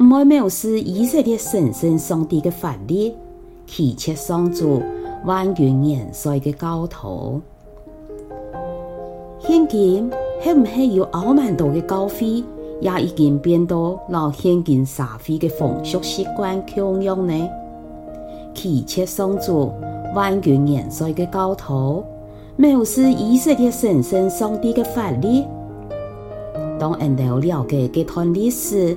沒有是以色列神聖上帝的法律，祈求上主萬軍元帥的教徒。現今，係唔係有好蠻多的教會，也已經變得到老現今社會的風俗習慣強用呢？祈求上主萬軍元帥的教徒，沒有是以色列神聖上帝的法律。當人哋了解這段歷史。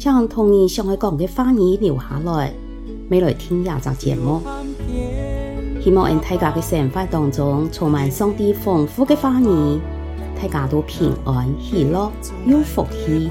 將童年想講嘅話語留下來，未來聽廿集節目，希望在大家嘅生活當中充滿上帝豐富嘅話語，大家都平安喜樂，有福氣。